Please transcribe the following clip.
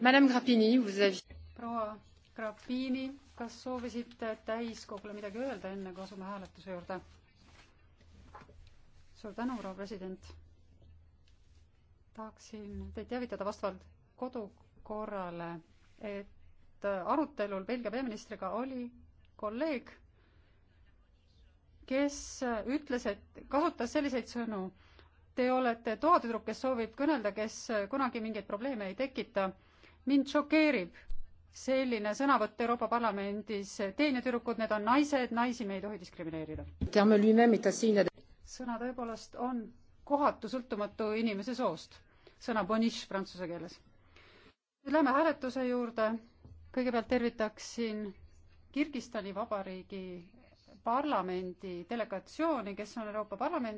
Madame Grappini, vous avez... proua Grappini, kas soovisite täiskogule midagi öelda, enne kui asume hääletuse juurde? suur tänu, proua president. tahaksin teid teavitada vastavalt kodukorrale, et arutelul Belgia peaministriga oli kolleeg, kes ütles, et kasutas selliseid sõnu te olete toatüdruk, kes soovib kõnelda, kes kunagi mingeid probleeme ei tekita mind šokeerib selline sõnavõtt Euroopa Parlamendis, teenetüdrukud, need on naised, naisi me ei tohi diskrimineerida. sõna tõepoolest on kohatu, sõltumatu inimese soost. sõna boniche prantsuse keeles. nüüd lähme hääletuse juurde. kõigepealt tervitaksin Kirgistani Vabariigi parlamendi delegatsiooni, kes on Euroopa Parlamendi